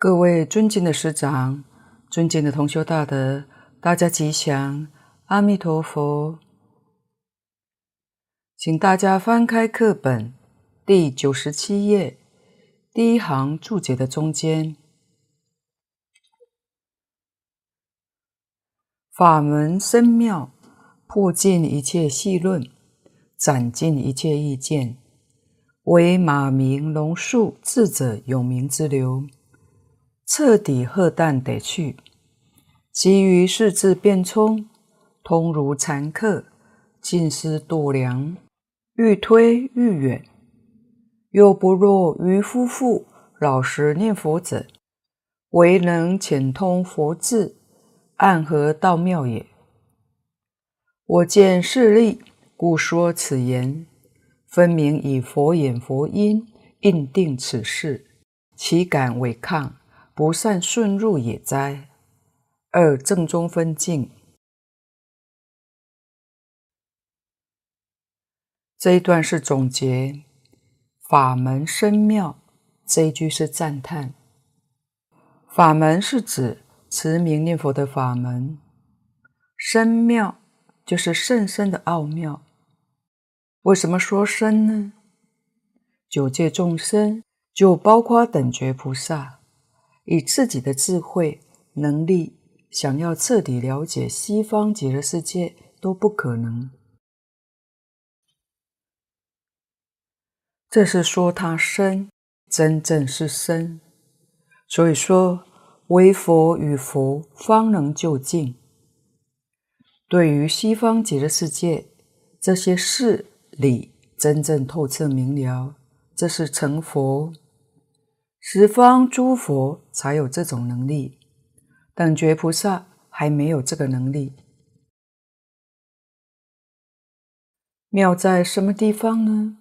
各位尊敬的師長，尊敬的同修大德，大家吉祥，阿彌陀佛！請大家翻開課本第九十七頁第一行注解的中間。法門深妙，破盡一切戲論，斬盡一切意見，唯馬鳴龍樹智者永明之流。徹底荷擔得去，其餘世智辯聰，通如禪客，盡思度量，愈推愈遠，又不若愚夫婦老實念佛者。唯能潛通佛智，暗合道妙也。我見是利，故說此言，分明以佛眼佛音印定此事，豈敢違抗？不善順入也哉。二正宗分竟。這一段是總結。法門深妙，這一句是讚歎。法門是指持名念佛的法門。深妙就是甚深的奧妙。為什麼說深呢？九界眾生就包括等覺菩薩。以自己的智慧能力，想要徹底了解西方極樂世界都不可能。這是說他深，真正是深。所以說，唯佛與佛方能究竟。對於西方極樂世界這些事理，真正透徹明了，這是成佛。十方諸佛才有這種能力，等覺菩薩還沒有這個能力。妙在什麼地方呢？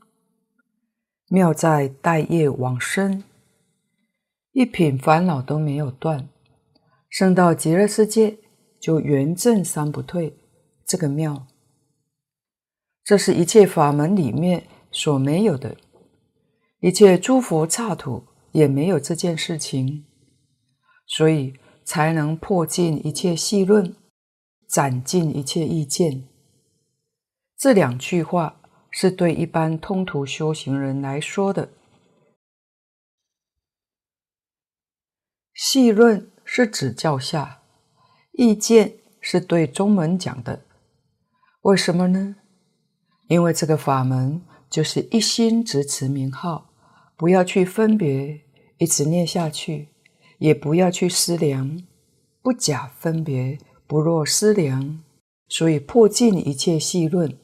妙在帶業往生，一品煩惱都沒有斷，升到極樂世界就圓證三不退，這個妙，這是一切法門裡面所沒有的，一切諸佛剎土。也沒有這件事情，所以才能破盡一切戲論，斬盡一切意見。這兩句話是對一般通途修行人來說的。戲論是指教下，意見是對宗門講的。為什麼呢？因為這個法門就是一心執持名號。不要去分別，一直念下去；也不要去思量，不假分別，不若思量。所以破盡一切戲論。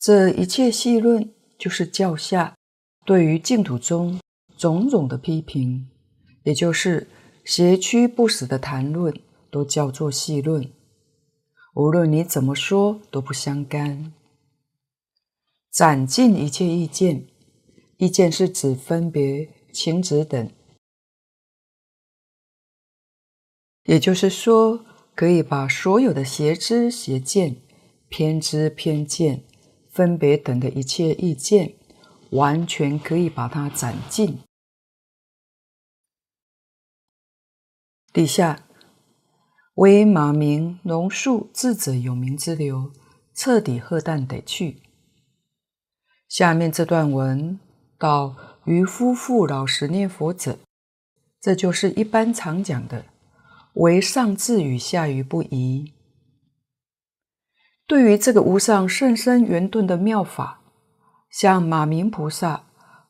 這一切戲論，就是教下對於淨土中種種的批評，也就是邪曲不實的談論，都叫做戲論。無論你怎麼說，都不相干。斬盡一切意見，意見是指分別、情執等。也就是說，可以把所有的邪知邪見、偏知偏見、分別等的一切意見，完全可以把它斬盡。底下，唯馬鳴、龍樹、智者有名之流，徹底荷擔得去。下面這段文到愚夫婦，老實念佛者，這就是一般常講的“唯上智與下愚不移”。對於這個無上甚深圓頓的妙法，像馬鳴菩薩、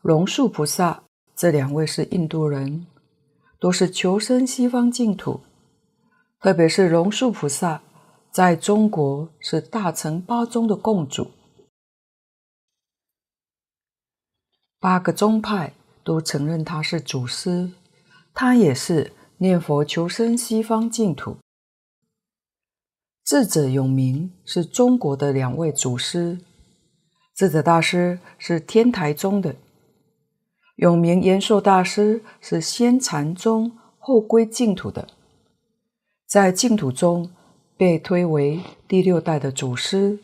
龍樹菩薩這兩位是印度人，都是求生西方淨土。特別是龍樹菩薩，在中國是大乘八宗的共主。八個宗派，都承認他是祖師，他也是念佛求生西方淨土。智者永明是中國的兩位祖師，智者大師是天台宗的，永明延壽大師是先禪宗後歸淨土的，在淨土中被推為第六代的祖師。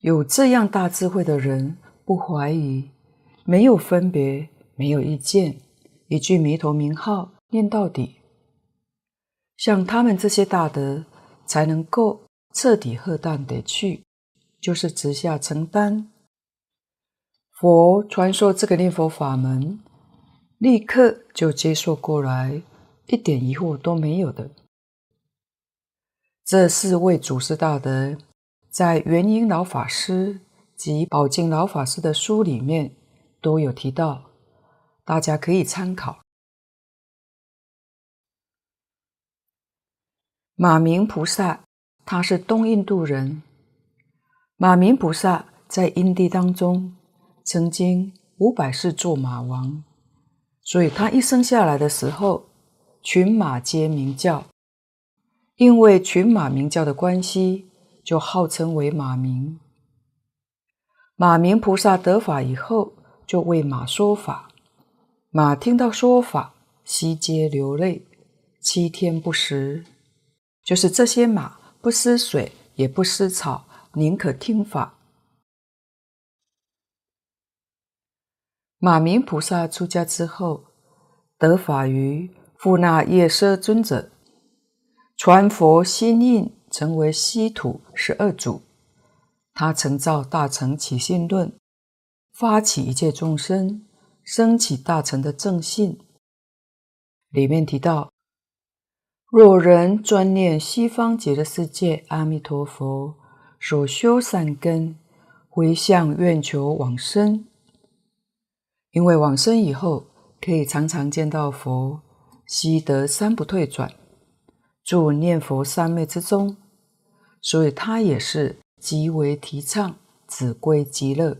有這樣大智慧的人，不懷疑，沒有分別，沒有意見，一句彌陀名號念到底。像他們這些大德，才能夠徹底喝淡的去，就是直下承擔。佛傳說這個念佛法門，立刻就接受過來，一點疑惑都沒有的。這四位祖師大德。在元音老法師及寶靜老法師的書裡面都有提到，大家可以參考。馬鳴菩薩他是東印度人，馬鳴菩薩在因地當中曾經五百世做馬王，所以他一生下來的時候群馬皆鳴叫，因為群馬鳴叫的關係，就號稱為馬明。馬明菩薩得法以後，就為馬說法。馬聽到說法，悉皆流淚，七天不食。就是這些馬不思水，也不思草，寧可聽法。馬明菩薩出家之後，得法於富那夜奢尊者，傳佛心印。成為西土十二祖，他曾造《大乘起信論》，發起一切眾生升起大乘的正信。裡面提到，若人專念西方極樂世界阿彌陀佛，所修善根，回向願求往生，因為往生以後，可以常常見到佛，悉得三不退轉。住念佛三昧之中，所以他也是極為提倡指歸極樂。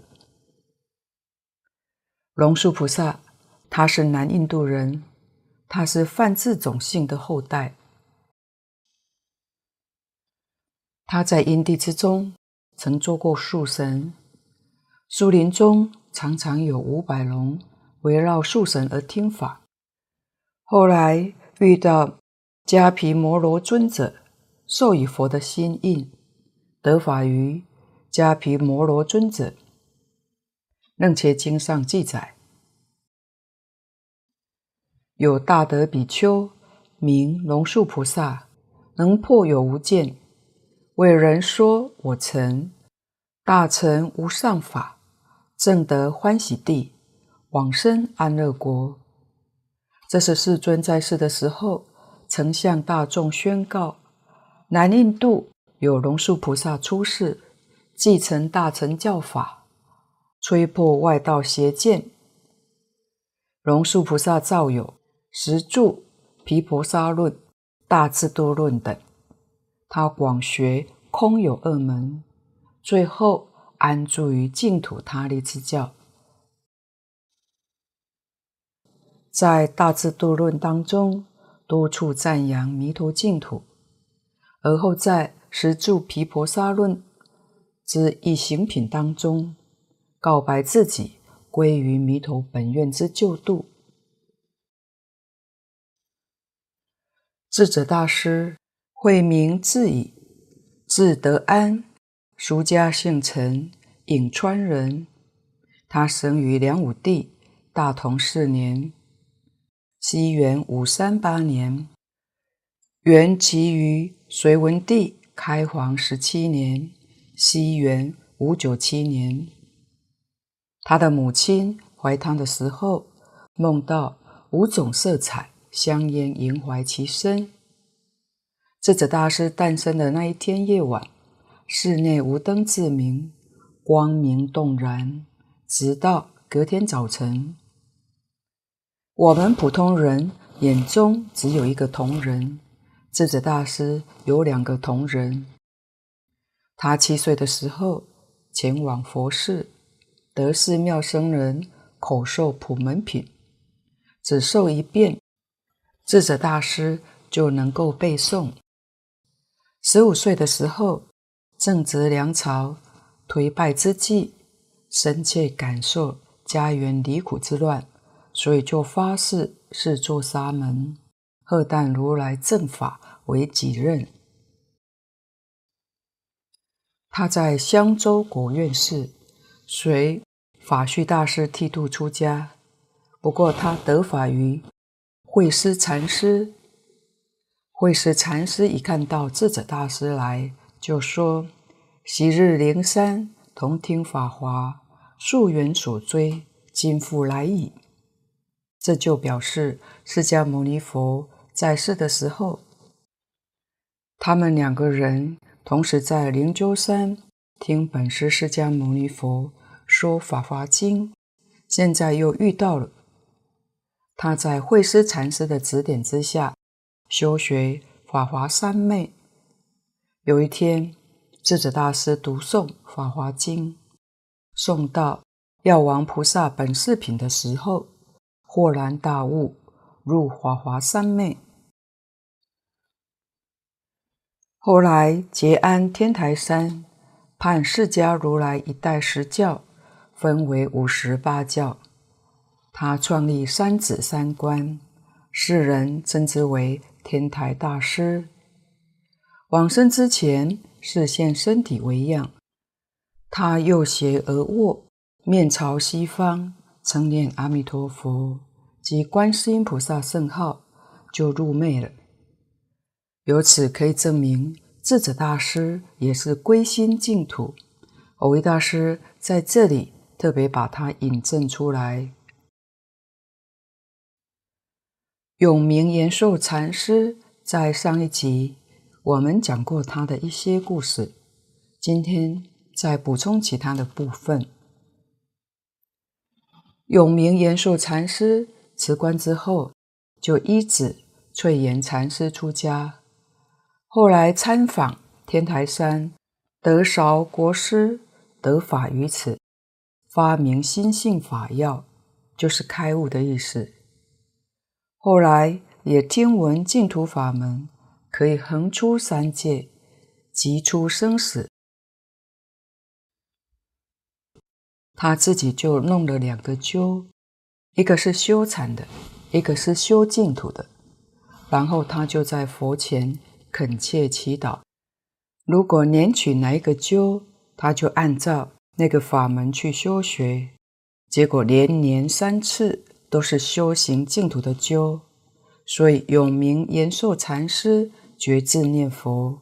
龍樹菩薩，他是南印度人，他是梵志種姓的後代。他在因地之中曾做過樹神，樹林中常常有五百龍圍繞樹神而聽法。後來遇到。迦毗摩羅尊者，受以佛的心印，得法於迦毗摩羅尊者。楞伽經上記載，有大德比丘名龍樹菩薩，能破有無見，為人說：“我曾大成無上法，正得歡喜地，往生安樂國。”這是世尊在世的時候。曾向大眾宣告：南印度有龍樹菩薩出世，繼承大乘教法，摧破外道邪見。龍樹菩薩造有《十住毗婆沙論》《大智度論》等，他廣學空有二門，最後安住於淨土他力之教。在《大智度論》當中。多處讚揚彌陀淨土，而後在《十住毗婆沙論》之一行品當中，告白自己歸於彌陀本願之救度。智者大師諱名智顗，字德安，俗家姓陳，潁川人。他生於梁武帝大同四年。西元五三八年，圓寂於隋文帝開皇十七年，西元五九七年。他的母親懷胎的時候，夢到五種色彩香煙縈懷其身。智者大師誕生的那一天夜晚，室內無燈自明，光明洞然，直到隔天早晨。我們普通人眼中只有一個同仁，智者大師有兩個同仁。他七歲的時候前往佛寺，得寺廟僧人口授普門品，只授一遍，智者大師就能夠背誦。十五歲的時候，正值梁朝頹敗之際，深切感受家園離苦之亂。所以就發誓是做沙門，荷擔如來正法為己任。他在香州古院寺隨法緒大師剃度出家。不過他得法於慧思禪師。慧思禪師一看到智者大師來，就說：“昔日靈山同聽法華，夙緣所追，今復來矣。”這就表示，釋迦牟尼佛在世的時候，他們兩個人同時在靈鷲山聽本師釋迦牟尼佛說法華經，現在又遇到了。他在慧思禪師的指點之下修學法華三昧。有一天，智者大師讀誦法華經，誦到藥王菩薩本事品的時候。豁然大悟，入華華三昧。後來結庵天台山，判釋迦如來一代時教，分為五時八教。他創立三子三觀，世人稱之為天台大師。往生之前，示現身體為樣，他右脅，而臥，面朝西方，稱念阿彌陀佛及觀世音菩薩聖號，就入昧了，由此可以證明智者大師也是歸心淨土。蕅益大師在這裡特別把他引證出來。永明延壽禪師，在上一集我們講過他的一些故事，今天再補充其他的部分。永明延壽禪師，辭官之後，就依止翠岩禪師出家，後來參訪天台山德韶國師，得法於此，發明心性法要，就是開悟的意思。後來也聽聞淨土法門可以橫出三界，即出生死，他自己就弄了兩個鬮。一個是修禪的，一個是修淨土的。然後他就在佛前懇切祈禱：如果拈取哪一個鬮，他就按照那個法門去修學。結果連年三次都是修行淨土的鬮，所以永明延壽禪師決志念佛，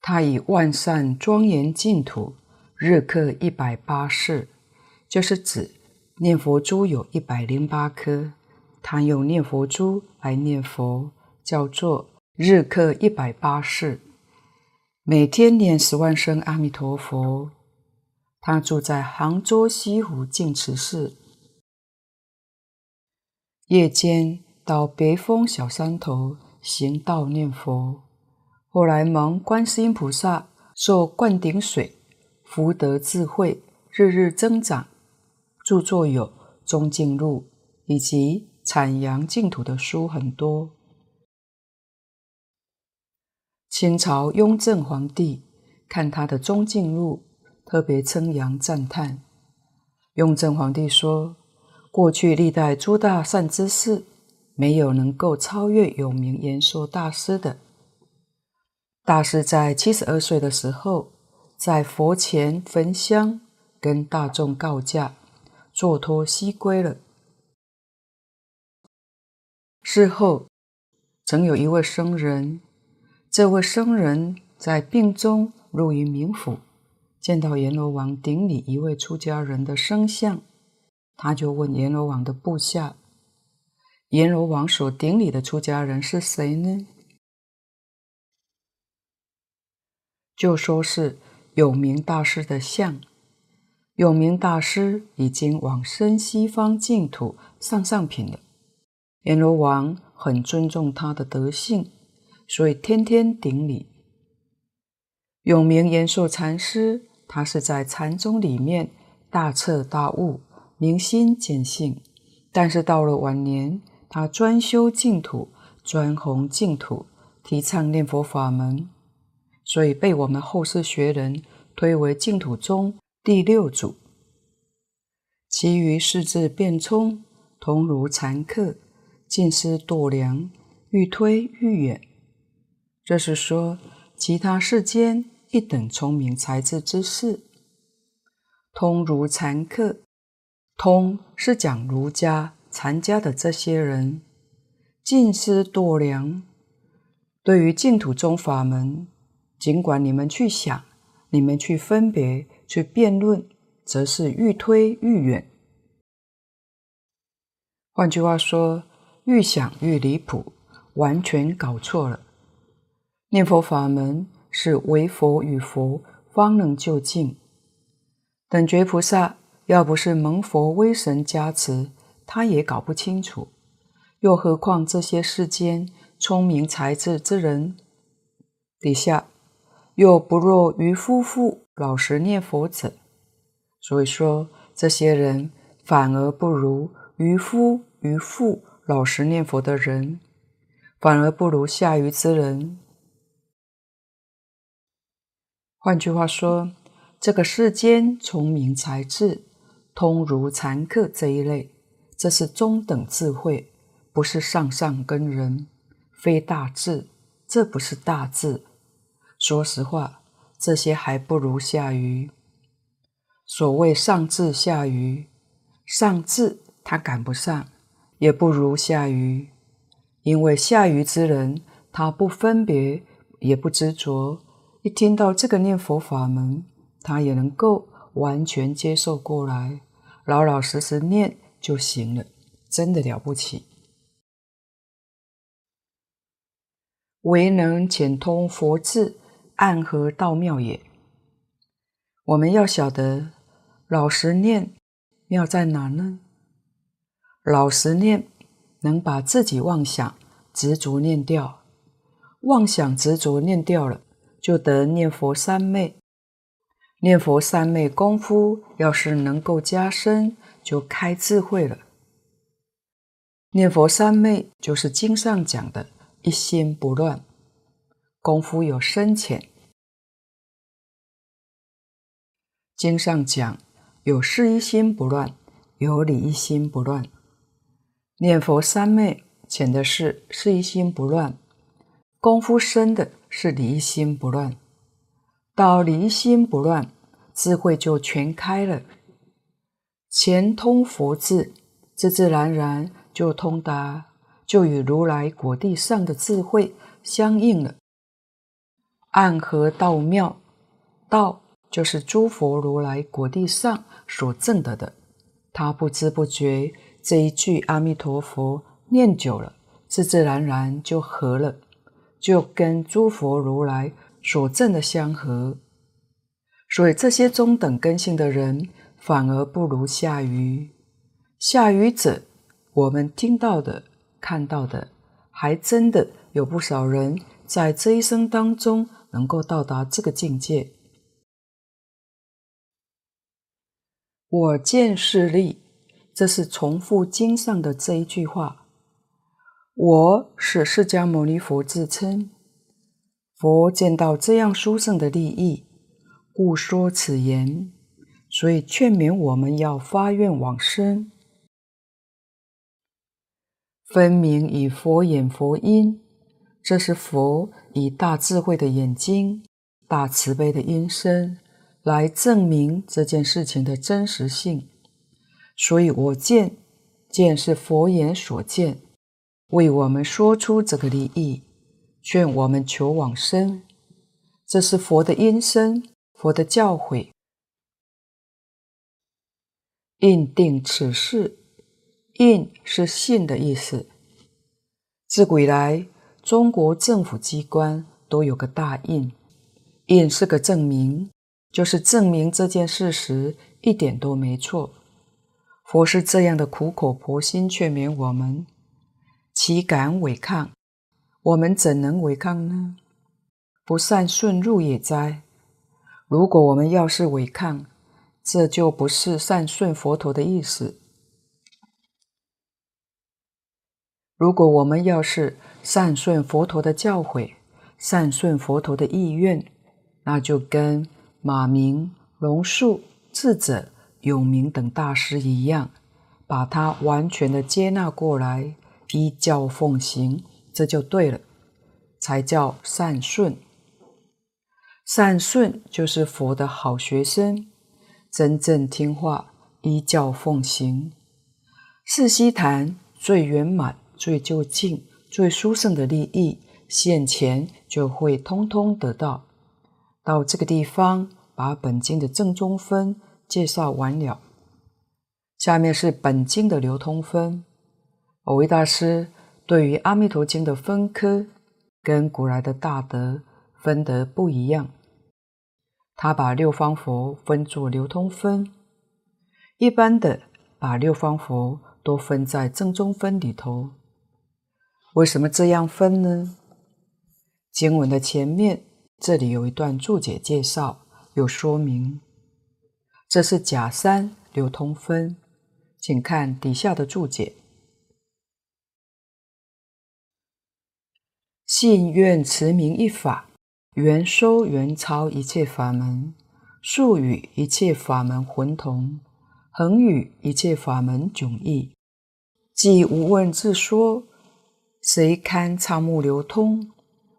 他以萬善莊嚴淨土，日課一百八事就是指念佛珠有一百零八顆，他用念佛珠來念佛，叫做日課一百八十，每天念十萬聲阿彌陀佛。他住在杭州西湖淨慈寺，夜間到北峰小山頭行道念佛。後來蒙觀世音菩薩受灌頂水，福德智慧日日增長。著作有《宗鏡錄》以及《闡揚淨土》的書很多。清朝雍正皇帝看他的《宗鏡錄》特別稱揚讚歎。雍正皇帝說：“過去歷代諸大善知識，沒有能夠超越永明延壽大師的。”大師在七十二歲的時候，在佛前焚香，跟大眾告假。坐脫西歸了。事後，曾有一位僧人，這位僧人在病中入於冥府，見到閻羅王頂禮一位出家人的生像，他就問閻羅王的部下：“閻羅王所頂禮的出家人是誰呢？”就說是有名大師的像。永明大師已經往生西方淨土上上品了。閻羅王很尊重他的德性，所以天天頂禮。永明延壽禪師，他是在禪宗裡面大徹大悟，明心見性。但是到了晚年，他專修淨土，專弘淨土，提倡念佛法門，所以被我們後世學人推為淨土宗。第六組，其餘世智辯聰，通儒禪客，盡思度量，愈推愈遠。這是說其他世間一等聰明才智之士，通儒禪客，通是講儒家、禪家的這些人，盡思度量，對於淨土宗法門，儘管你們去想，你們去分別。去辯論，則是愈推愈遠。換句話說，愈想愈離譜，完全搞錯了。念佛法門是唯佛與佛方能就近。等覺菩薩要不是蒙佛威神加持，他也搞不清楚。又何況這些世間聰明才智之人底下，又不若愚夫婦老實念佛者，所以說，這些人反而不如愚夫愚婦老實念佛的人，反而不如下愚之人。換句話說，這個世間聰明才智通如禪客這一類，這是中等智慧，不是上上根人，非大智，這不是大智。說實話，這些還不如下愚。所謂上智下愚，上智他趕不上，也不如下愚。因為下愚之人，他不分別，也不執着，一聽到這個念佛法門，他也能夠完全接受過來，老老實實念就行了，真的了不起。唯能潛通佛智。暗合道妙也。我們要曉得老實念妙在哪呢？老實念能把自己妄想執着念掉，妄想執着念掉了，就得念佛三昧。念佛三昧功夫要是能夠加深，就開智慧了。念佛三昧就是經上講的“一心不亂”。功夫有深淺，經上講有事一心不亂，有理一心不亂。念佛三昧淺的是事一心不亂，功夫深的是理一心不亂。到理一心不亂，智慧就全開了，前通佛智，自自然然就通達，就與如來果地上的智慧相應了。暗合道妙，道就是諸佛如來果地上所證得的，的。他不知不覺這一句阿彌陀佛念久了，自自然然就合了，就跟諸佛如來所證的相合。所以這些中等根性的人反而不如下愚。下愚者，我們聽到的、看到的，還真的有不少人在這一生當中。能夠到達這個境界，我見是利，這是重複經上的這一句話。我是釋迦牟尼佛自稱，佛見到這樣殊勝的利益，故說此言，所以勸勉我們要發願往生，分明以佛眼佛音。這是佛以大智慧的眼睛、大慈悲的音聲來證明這件事情的真實性。所以我見，見是佛言所見，為我們說出這個利益，勸我們求往生。這是佛的音聲，佛的教誨。印定此事，印是信的意思。自古以來。中國政府機關都有個大印，印是個證明，就是證明這件事實一點都沒錯。佛是這樣的苦口婆心勸勉我們，豈敢違抗？我們怎能違抗呢？不善順入也哉？如果我們要是違抗，這就不是善順佛陀的意思。如果我們要是，善順佛陀的教誨，善順佛陀的意願，那就跟馬明、龍樹、智者、永明等大師一樣，把他完全的接納過來，依教奉行，這就對了，才叫善順。善順就是佛的好學生，真正聽話，依教奉行。四悉檀最圓滿，最究竟。最殊勝的利益現前，就會通通得到。到這個地方，把本經的正宗分介紹完了，下面是本經的流通分。蕅益大師對於《阿彌陀經》的分科，跟古來的大德分得不一樣。他把六方佛分作流通分，一般的把六方佛都分在正宗分裡頭。為什麼這樣分呢？經文的前面這裡有一段注解介紹，有說明，這是甲三流通分，請看底下的注解。信願持名一法，圓收圓超一切法門，豎與一切法門渾同，橫與一切法門迥異，既無問自說。誰堪蒼目流通？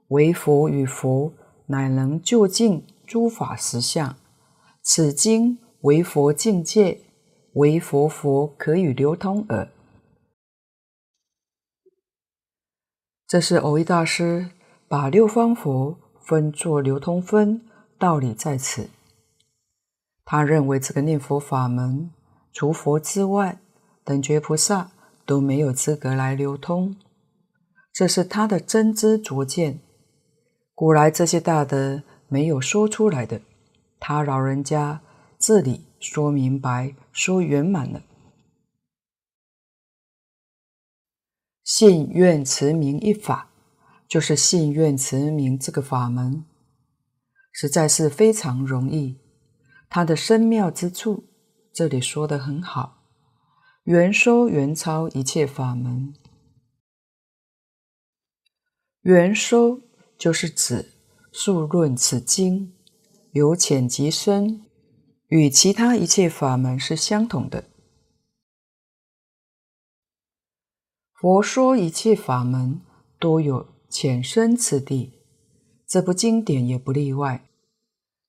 唯佛與佛乃能究竟諸法實相。此經唯佛境界，唯佛佛可與流通耳。這是蕅益大師把六方佛分作流通分，道理在此。他認為這個念佛法門，除佛之外，等覺菩薩都沒有資格來流通。這是他的真知灼見，古來這些大德沒有說出來的，他老人家這裡說明白、說圓滿了。信願持名一法，就是信願持名這個法門，實在是非常容易。他的深妙之處，這裡說得很好，圓收圓超一切法門。圓收就是指豎論此經由淺及深，與其他一切法門是相同的。佛說一切法門都有淺深次第，這部經典也不例外。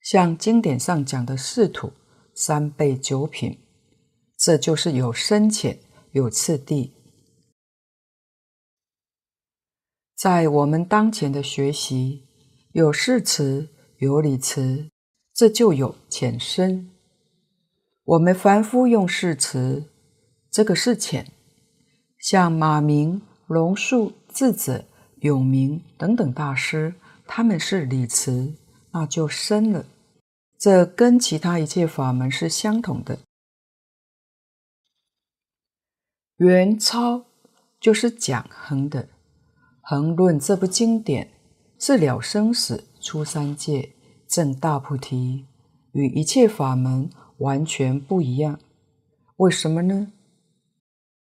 像經典上講的四土三輩、九品，這就是有深淺有次第。在我們當前的學習，有事持，有理持，這就有淺深。我們凡夫用事持，這個是淺；像馬鳴、龍樹、智者、永明等等大師，他們是理持，那就深了。這跟其他一切法門是相同的。元超就是講橫的。《恆論》這部經典，是了生死出三界證大菩提，與一切法門完全不一樣。為什麼呢？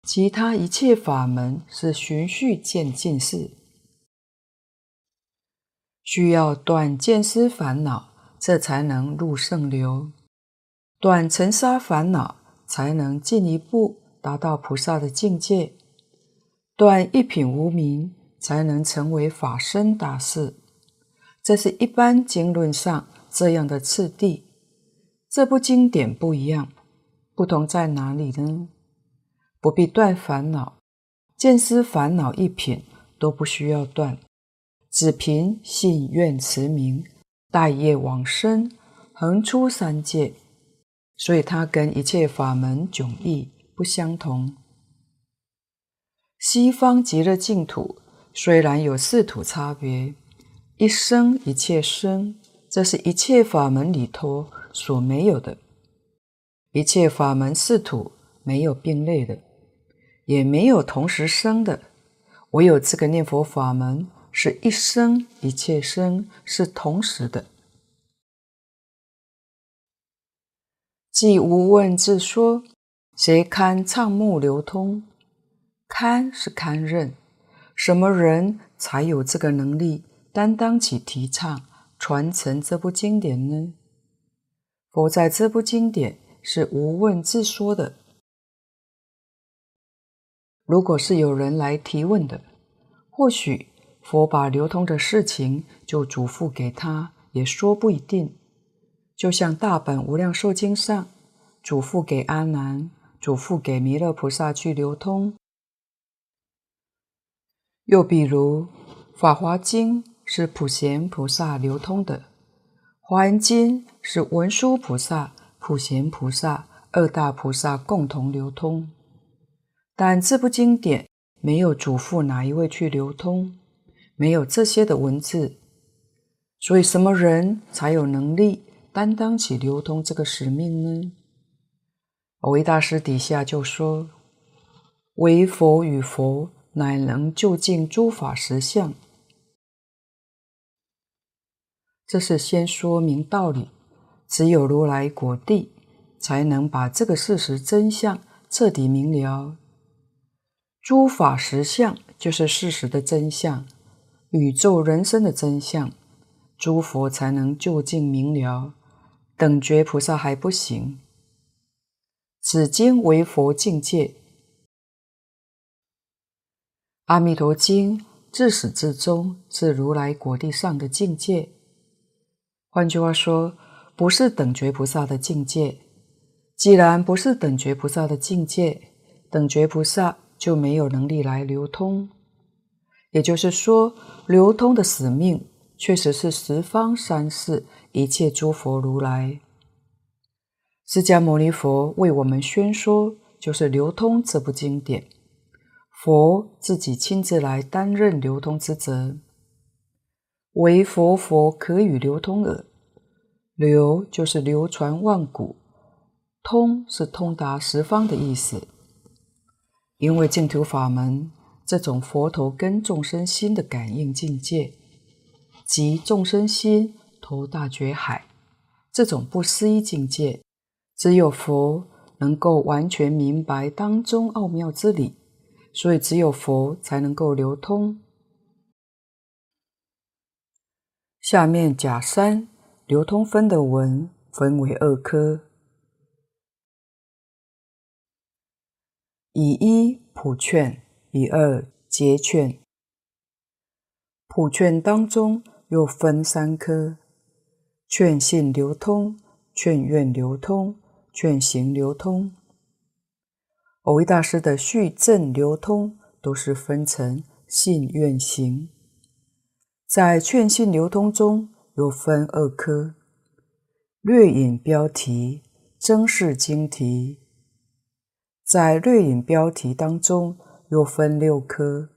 其他一切法門是循序漸進式，需要斷見思煩惱，這才能入聖流；斷塵沙煩惱，才能進一步達到菩薩的境界；斷一品無明。才能成為法身大士。這是一般經論上這樣的次第。這部經典不一樣，不同在哪裡呢？不必斷煩惱，見思煩惱一品都不需要斷，只憑信願持名，帶業往生，橫出三界。所以它跟一切法門迥異，不相同。西方極樂淨土。雖然有四土差別，一生一切生，這是一切法門裡頭所沒有的。一切法門四土沒有並列的，也沒有同時生的。唯有這個念佛法門是一生一切生，是同時的。既無問自說，誰堪倡募流通？堪是堪任。什麼人才有這個能力擔當起提倡、傳承這部經典呢？佛在這部經典是無問自說的。如果是有人來提問的，或許佛把流通的事情就囑咐給他，也說不一定。就像《大本無量壽經》上囑咐給阿難，囑咐給彌勒菩薩去流通。又比如，《法華經》是普賢菩薩流通的，《華嚴經》是文殊菩薩、普賢菩薩二大菩薩共同流通。但這部經典沒有囑咐哪一位去流通，沒有這些的文字，所以什麼人才有能力擔當起流通這個使命呢？維大師底下就說：“為佛與佛。”乃能究竟諸法實相。這是先說明道理，只有如來果地，才能把這個事實真相徹底明了。諸法實相就是事實的真相，宇宙人生的真相，諸佛才能究竟明了，等覺菩薩還不行。此經為佛境界。《阿彌陀經》自始至終是如來果地上的境界，換句話說，不是等覺菩薩的境界。既然不是等覺菩薩的境界，等覺菩薩就沒有能力來流通。也就是說，流通的使命確實是十方三世，一切諸佛如來。釋迦牟尼佛為我們宣說，就是流通這部經典。佛自己親自來擔任流通之責，唯佛佛可與流通耳。流就是流傳萬古，通是通達十方的意思。因為淨土法門這種佛頭跟眾生心的感應境界，即眾生心投大覺海這種不思議境界，只有佛能夠完全明白當中奧妙之理。所以，只有佛才能夠流通。下面甲三流通分的文分為二科：以一普勸，以二結勸。普勸當中又分三科：勸信流通，勸願流通，勸行流通。蕅益大師的序正流通都是分成信願行，在勸信流通中又分二科，略引標題，徵釋經題。在略引標題當中又分六科，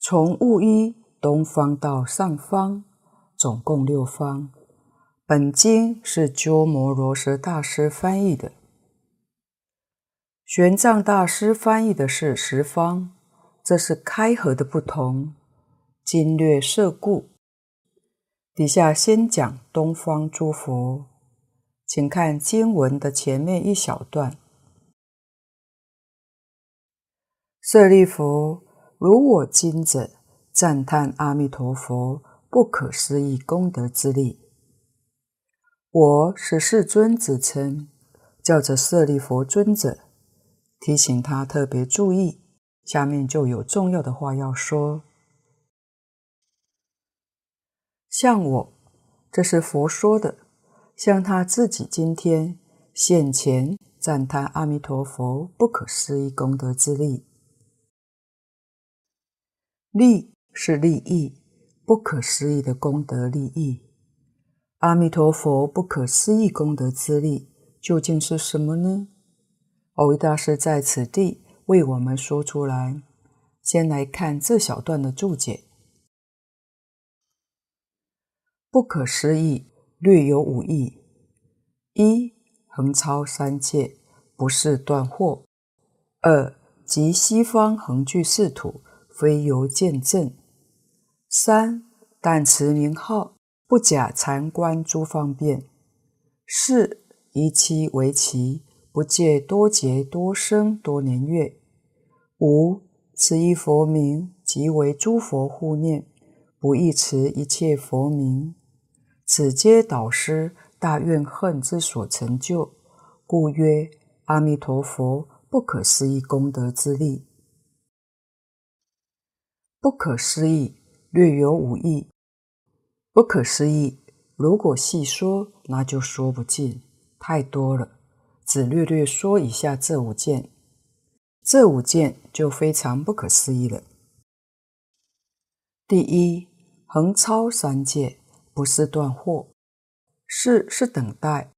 從戊一東方到上方，總共六方。本經是鳩摩羅什大師翻譯的。玄奘大師翻譯的是十方，這是開合的不同。經略社故，底下先講東方諸佛，請看經文的前面一小段。舍利弗，如我今者讚歎阿彌陀佛不可思議功德之力，我是世尊自稱，叫做舍利弗尊者。提醒他特別注意，下面就有重要的話要說。像我，這是佛說的；像他自己，今天現前讚歎阿彌陀佛不可思議功德之力。力是利益，不可思議的功德利益。阿彌陀佛不可思議功德之力究竟是什麼呢？蕅益大師在此地為我們說出來，先來看這小段的注解：不可思議，略有五義。一、橫超三界，不是斷惑；二、即西方橫具四土，非由見證。三、但持名號，不假禪觀諸方便；四、一七為期。不借多劫多生多年月，無持一佛名即為諸佛護念，不異持一切佛名，此皆導師大願恨之所成就，故曰阿彌陀佛不可思議功德之力。不可思議略有五義，不可思議如果細說那就說不盡，太多了。只略略說一下這五件，這五件就非常不可思議了。第一，橫超三界不是斷惑，是是等待，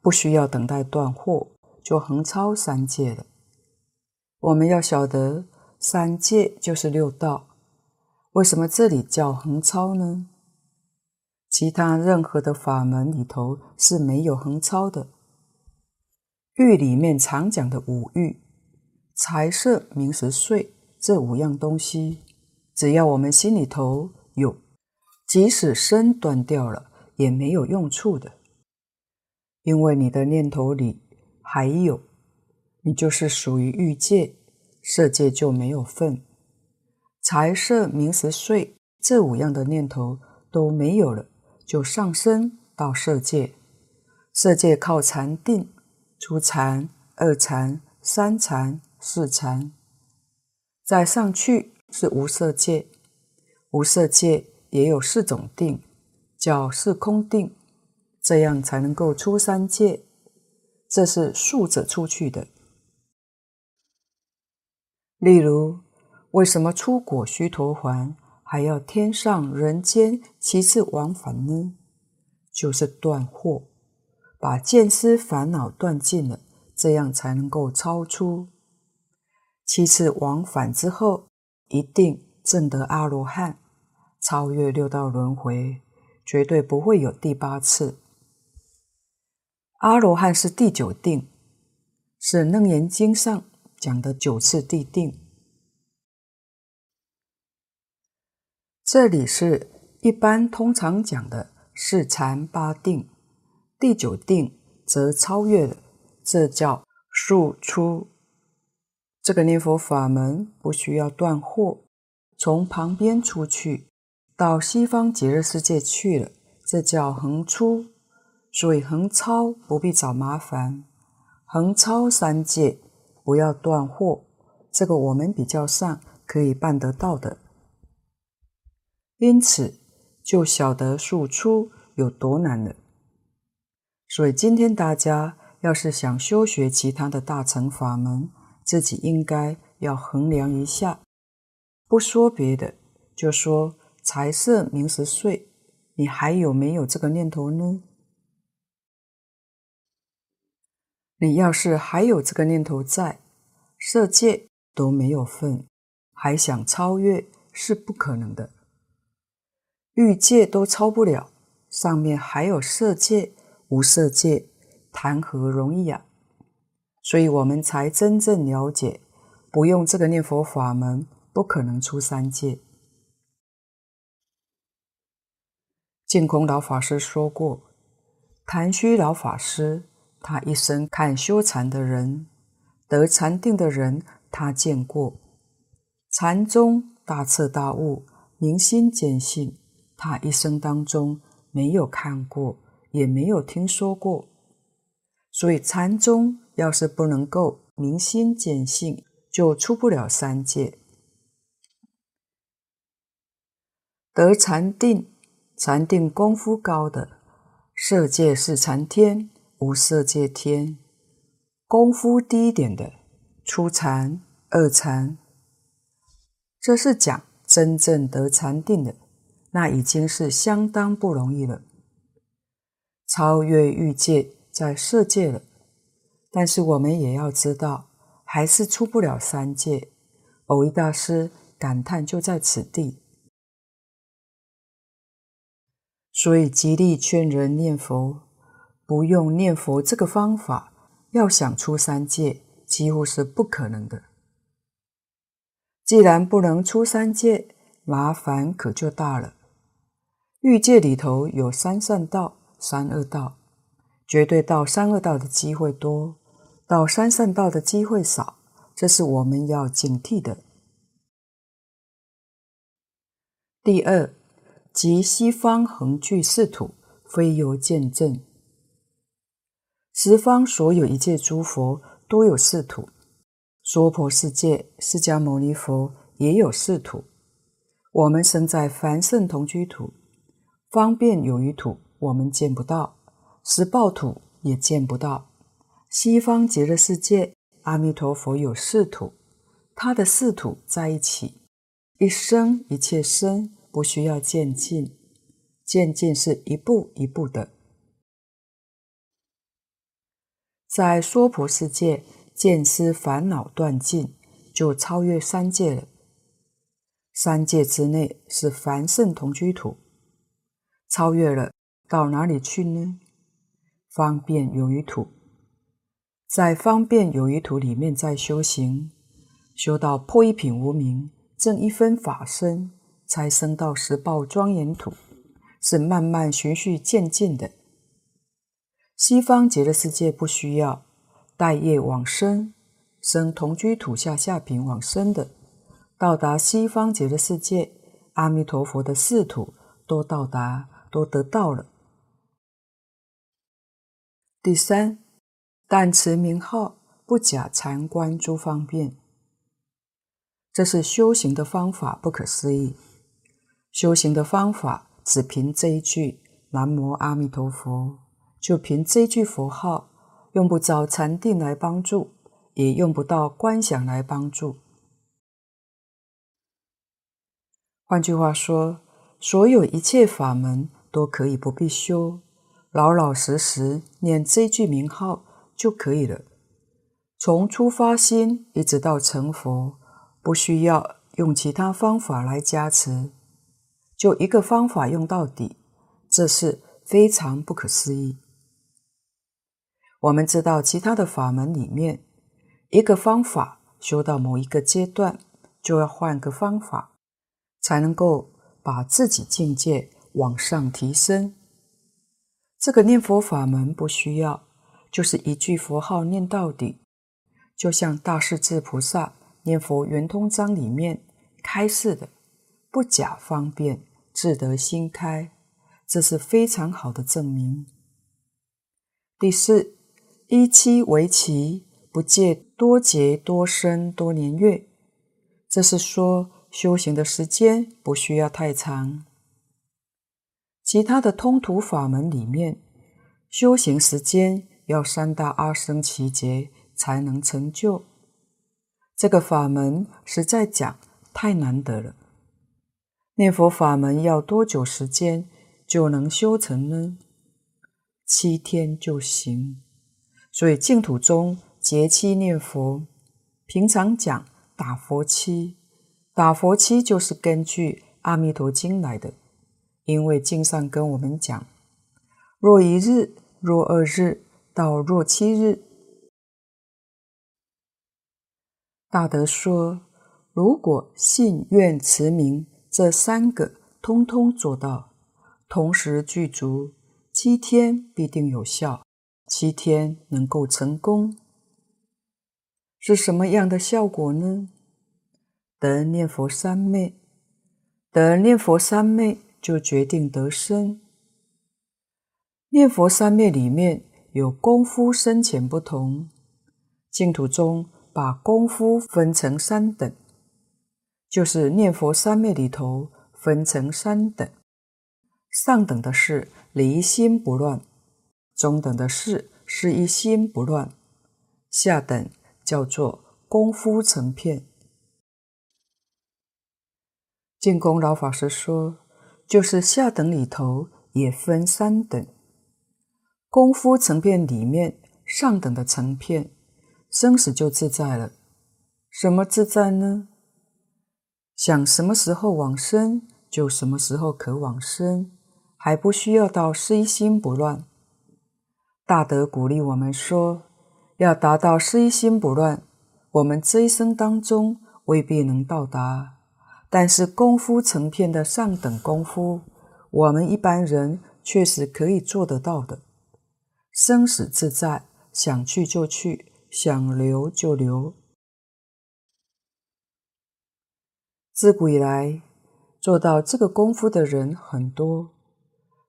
不需要等待斷惑就橫超三界了。我們要曉得三界就是六道，為什麼這裡叫橫超呢？其他任何的法門裡頭是沒有橫超的。欲裡面常講的五欲，財色名食睡這五樣東西，只要我們心裡頭有，即使身斷掉了也沒有用處的，因為你的念頭裡還有，你就是屬於欲界，色界就沒有份。財色名食睡這五樣的念頭都沒有了，就上升到色界，色界靠禪定。初禪、二禪、三禪、四禪，再上去是無色界。無色界也有四種定，叫四空定，這樣才能夠出三界。這是豎着出去的。例如，為什麼初果須陀洹，還要天上人間七次往返呢？就是斷惑。把見思煩惱斷盡了，這樣才能夠超出七次往返之後，一定證得阿羅漢，超越六道輪回，絕對不會有第八次。阿羅漢是第九定，是《楞嚴經》上講的九次第定。這裡是一般通常講的四禪八定。第九定則超越了，這叫豎出。這個念佛法門不需要斷惑，從旁邊出去，到西方極樂世界去了，這叫橫出。所以橫超不必找麻煩，橫超三界不要斷惑，這個我們比較上可以辦得到的。因此就曉得豎出有多難了。所以今天大家要是想修學其他的大乘法門，自己應該要衡量一下。不說別的，就說財色名食睡，你還有沒有這個念頭呢？你要是還有這個念頭在，色界都沒有份，還想超越是不可能的。欲界都超不了，上面還有色界。無色界，談何容易啊！所以我們才真正了解，不用這個念佛法門，不可能出三界。淨空老法師說過，倓虛老法師他一生看修禪的人、得禪定的人，他見過；禪宗大徹大悟、明心見性，他一生當中沒有看過。也沒有聽說過，所以禪宗要是不能夠明心見性，就出不了三界。得禪定，禪定功夫高的色界四禪天，無色界天；功夫低一點的初禪、二禪。這是講真正得禪定的，那已經是相當不容易了。超越欲界，在色界了。但是我們也要知道，還是出不了三界。蕅益大師感嘆，就在此地，所以極力勸人念佛，不用念佛這個方法，要想出三界，幾乎是不可能的。既然不能出三界，麻煩可就大了。欲界裡頭有三善道。三惡道，絕對到三惡道的機會多，到三善道的機會少，這是我們要警惕的。第二，即西方橫具四土，非由漸證。十方所有一切諸佛都有四土，娑婆世界釋迦牟尼佛也有四土。我們身在凡聖同居土，方便有餘土，我們見不到，實報土也見不到。西方極樂世界，阿彌陀佛有四土，他的四土在一起，一生一切生，不需要漸進，漸進是一步一步的。在娑婆世界，見思煩惱斷盡，就超越三界了。三界之內是凡聖同居土，超越了。到哪裡去呢？方便有餘土，在方便有餘土裡面再修行，修到破一品無明，證一分法身，才升到實報莊嚴土，是慢慢循序漸進的。西方極樂世界不需要帶業往生，生同居土下下品往生的，到達西方極樂世界，阿彌陀佛的四土都到達，都得到了。第三，但持名號不假禪觀諸方便，這是修行的方法不可思議。修行的方法，只憑這一句“南無阿彌陀佛”，就憑這一句佛號，用不着禪定來幫助，也用不到觀想來幫助。換句話說，所有一切法門都可以不必修。老老實實念這句名號就可以了。從出發心一直到成佛，不需要用其他方法來加持，就一個方法用到底，這是非常不可思議。我們知道其他的法門裡面，一個方法修到某一個階段，就要換個方法，才能夠把自己境界往上提升。這個念佛法門不需要，就是一句佛號念到底，就像大勢至菩薩念佛圓通章裡面開示的，不假方便自得心開，這是非常好的證明。第四，一期為期，不借多劫多生多年月，這是說修行的時間不需要太長。其他的通途法門裡面，修行時間要三大阿僧祇劫才能成就，這個法門實在講太難得了。念佛法門要多久時間就能修成呢？七天就行。所以淨土中結七念佛，平常講打佛七，打佛七就是根據《阿彌陀經》來的。因為經上跟我們講，若一日，若二日，到若七日，大德說，如果信願持名這三個通通做到，同時具足，七天必定有效。七天能夠成功，是什麼樣的效果呢？得念佛三昧，得念佛三昧。就決定得生。念佛三昧裡面有功夫深淺不同，淨土中把功夫分成三等，就是念佛三昧裡頭分成三等。上等的是理一心不亂，中等的是事一心不亂，下等叫做功夫成片。淨空老法師說。就是下等裡頭也分三等，功夫成片裡面上等的成片，生死就自在了。什麼自在呢？想什麼時候往生，就什麼時候可往生，還不需要到事一心不亂。大德鼓勵我們說，要達到事一心不亂，我們這一生當中未必能到達。但是功夫成片的上等功夫，我們一般人卻是可以做得到的。生死自在，想去就去，想留就留。自古以來，做到這個功夫的人很多，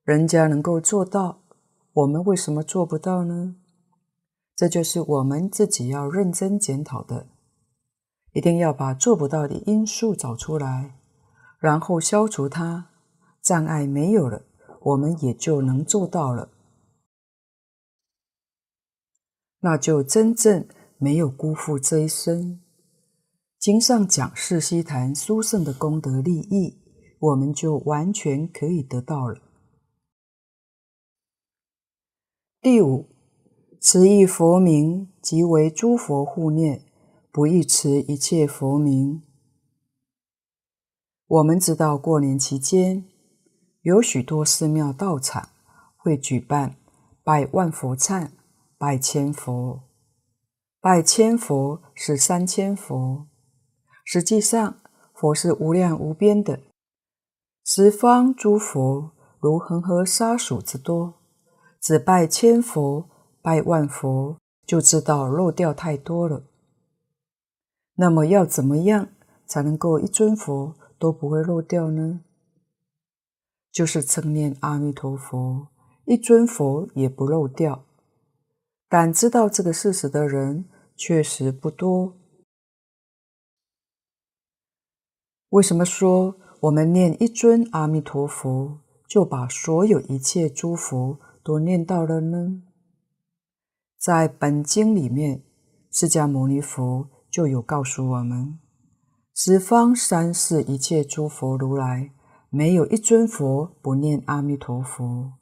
人家能夠做到，我們為什麼做不到呢？這就是我們自己要認真檢討的。一定要把做不到的因素找出來，然後消除它，障礙沒有了，我們也就能做到了。那就真正沒有辜負這一生。經上講世西談殊勝的功德利益，我們就完全可以得到了。第五，持一佛名即為諸佛護念。不異持一切佛名。我們知道，過年期間有許多寺廟道場會舉辦拜萬佛懺、拜千佛、拜千佛是三千佛。實際上，佛是無量無邊的，十方諸佛如恆河沙數之多。只拜千佛、拜萬佛，就知道漏掉太多了。那麼要怎麼樣才能夠一尊佛都不會漏掉呢？就是稱念阿彌陀佛，一尊佛也不漏掉。但知道這個事實的人確實不多。為什麼說我們念一尊阿彌陀佛就把所有一切諸佛都念到了呢？在本經裡面，釋迦牟尼佛，就有告訴我們，十方三世一切諸佛如來，沒有一尊佛不念阿彌陀佛，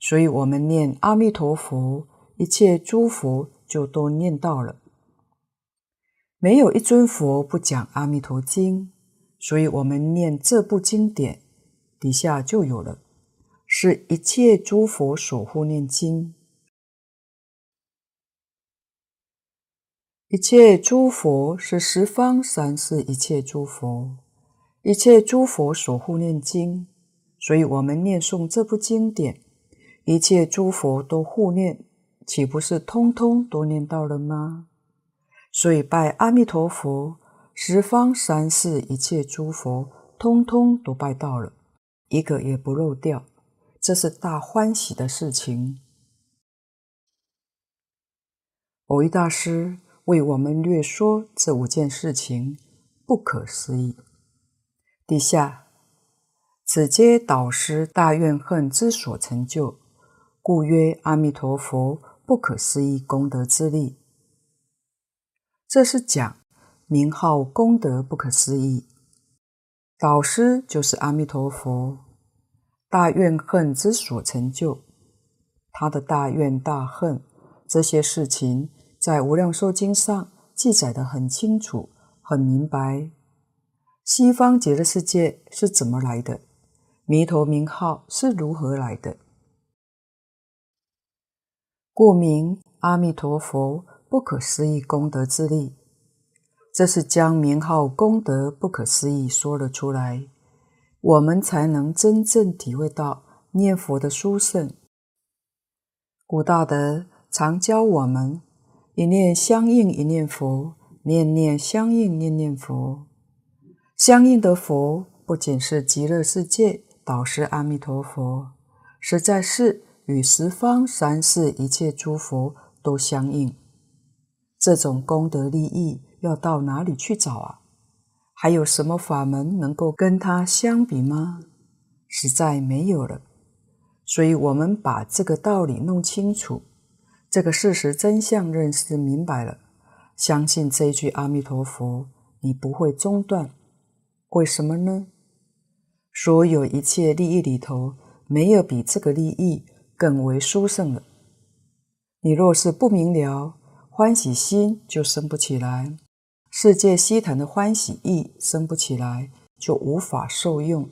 所以我們念阿彌陀佛，一切諸佛就都念到了。沒有一尊佛不講阿彌陀經，所以我們念這部經典，底下就有了，是一切諸佛所護念經。一切諸佛是十方三世一切諸佛，一切諸佛所護念經，所以我們念誦這部經典，一切諸佛都護念，豈不是通通都念到了嗎？所以拜阿彌陀佛，十方三世一切諸佛通通都拜到了，一個也不漏掉，這是大歡喜的事情。蕅益大師。為我們略說這五件事情，不可思議。底下，此皆導師大願行之所成就，故曰阿彌陀佛不可思議功德之力。這是講名號功德不可思議。導師就是阿彌陀佛，大願行之所成就，他的大願大行這些事情。在《無量壽經》上記載得很清楚，很明白，西方極樂世界是怎麼來的，彌陀名號是如何來的，故名阿彌陀佛不可思議功德之力。這是將名號、功德、不可思議，說了出來，我們才能真正體會到念佛的殊勝。古大德常教我們。一念相應，一念佛；念念相應，念念佛。相應的佛，不僅是極樂世界導師阿彌陀佛，實在是與十方三世一切諸佛都相應。這種功德利益要到哪裡去找啊？還有什麼法門能夠跟它相比嗎？實在沒有了。所以，我們把這個道理弄清楚。這個事實真相認識明白了，相信這一句阿彌陀佛，你不會中斷。為什麼呢？所有一切利益裡頭，沒有比這個利益更為殊勝了。你若是不明了，歡喜心就生不起來，世界西壇的歡喜意生不起來，就無法受用。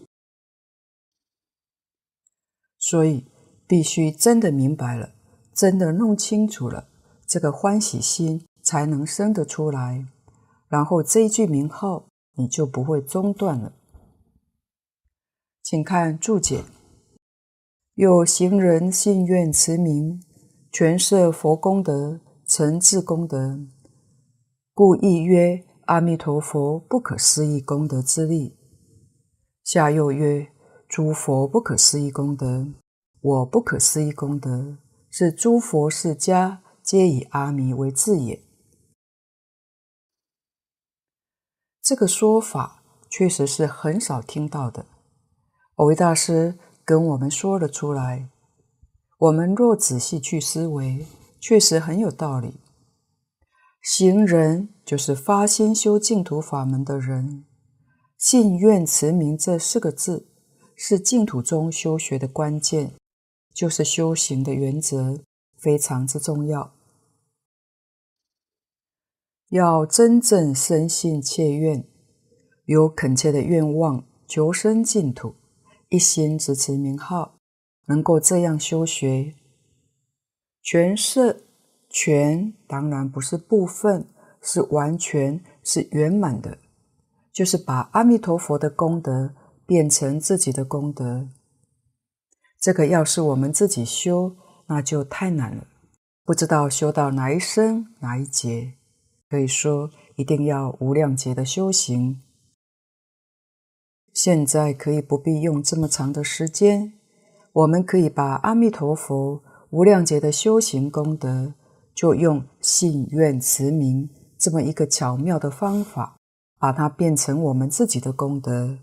所以必須真的明白了。真的弄清楚了，這個歡喜心才能生得出來，然後這一句名號你就不會中斷了。請看注解：有行人信願持名，全攝佛功德成自功德，故亦曰阿彌陀佛不可思議功德之力。下又曰：諸佛不可思議功德，我不可思議功德。是諸佛世家皆以阿彌為字也。這個說法確實是很少聽到的。蕅益大師跟我們說了出來，我們若仔細去思維，確實很有道理。行人就是發心修淨土法門的人，信願持名這四個字是淨土中修學的關鍵。就是修行的原則非常之重要，要真正深信切願，有懇切的願望求生淨土，一心執持名號，能夠這樣修學。全攝全當然不是部分，是完全、是圓滿的，就是把阿彌陀佛的功德變成自己的功德。這個要是我們自己修，那就太難了，不知道修到哪一生哪一劫，可以說一定要無量劫的修行。現在可以不必用這麼長的時間，我們可以把阿彌陀佛無量劫的修行功德，就用信願持名這麼一個巧妙的方法，把它變成我們自己的功德。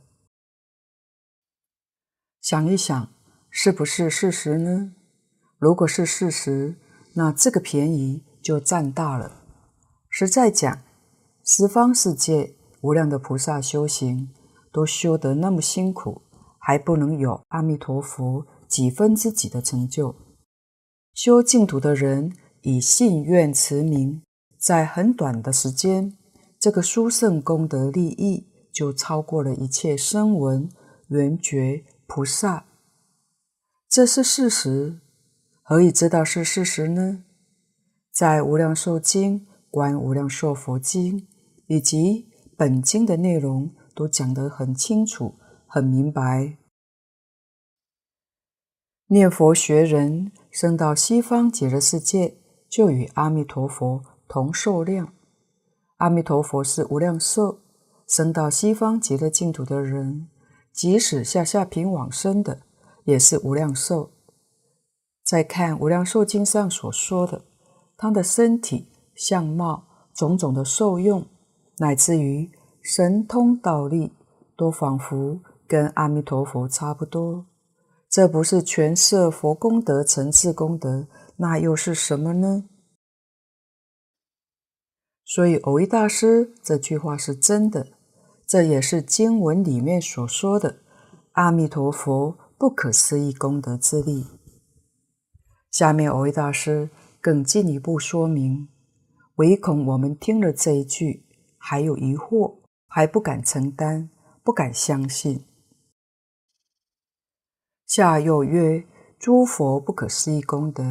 想一想。是不是事實呢？如果是事實，那這個便宜就占大了。實在講，十方世界無量的菩薩修行都修得那麼辛苦，還不能有阿彌陀佛幾分之幾的成就。修淨土的人以信願持名，在很短的時間，這個殊勝功德利益就超過了一切聲聞、緣覺、菩薩。這是事實，何以知道是事實呢？在《無量壽經》《觀無量壽佛經》以及本經的內容都講得很清楚、很明白。念佛學人，生到西方極樂世界，就與阿彌陀佛同壽量。阿彌陀佛是無量壽，生到西方極樂淨土的人，即使下下品往生的，也是無量壽。再看《無量壽經》上所說的，他的身體、相貌、種種的受用，乃至於神通、道力，都仿佛跟阿彌陀佛差不多。這不是全攝佛功德、成自功德，那又是什麼呢？所以蕅益大師這句話是真的，這也是經文裡面所說的阿彌陀佛不可思議功德之力。下面，蕅益大師更進一步說明，唯恐我們聽了這一句還有疑惑，還不敢承擔，不敢相信。下又曰：“諸佛不可思議功德，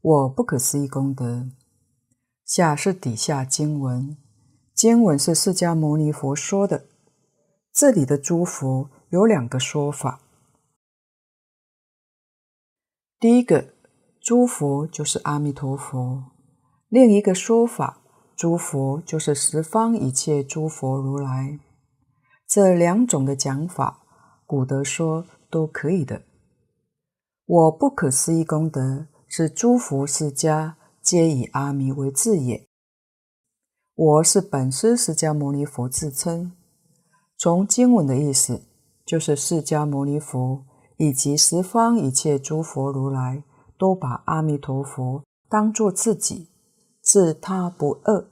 我不可思議功德。”下是底下經文，經文是釋迦牟尼佛說的。這裡的諸佛有兩個說法。第一個，諸佛就是阿彌陀佛；另一個說法，諸佛就是十方一切諸佛如來。這兩種的講法，古德說都可以的。我不可思議功德，是諸佛釋迦皆以阿彌為字也。我是本師釋迦牟尼佛自稱。從經文的意思，就是釋迦牟尼佛。以及十方一切諸佛如來都把阿彌陀佛當作自己，自他不二。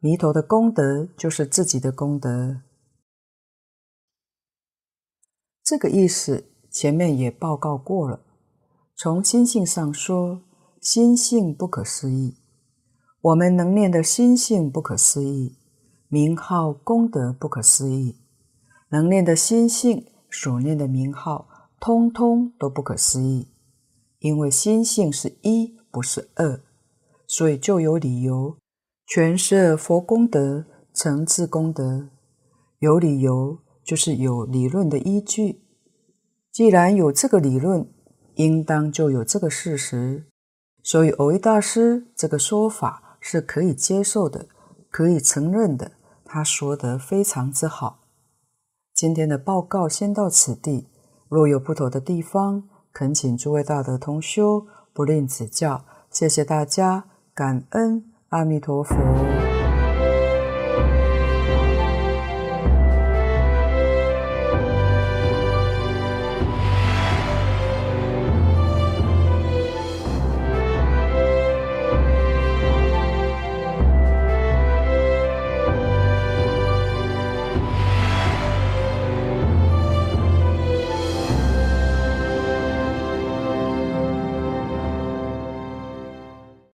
彌陀的功德就是自己的功德，這個意思前面也報告過了。從心性上說，心性不可思議，我們能念的心性不可思議，名號功德不可思議，能念的心性，所念的名號。通通都不可思議，因為心性是一，不是二，所以就有理由詮釋佛功德、成智功德，有理由就是有理論的依據。既然有這個理論，應當就有這個事實。所以藕益大師這個說法是可以接受的，可以承認的。他說得非常之好。今天的報告先到此地。若有不妥的地方，懇請諸位大德同修，不吝指教。謝謝大家，感恩阿彌陀佛。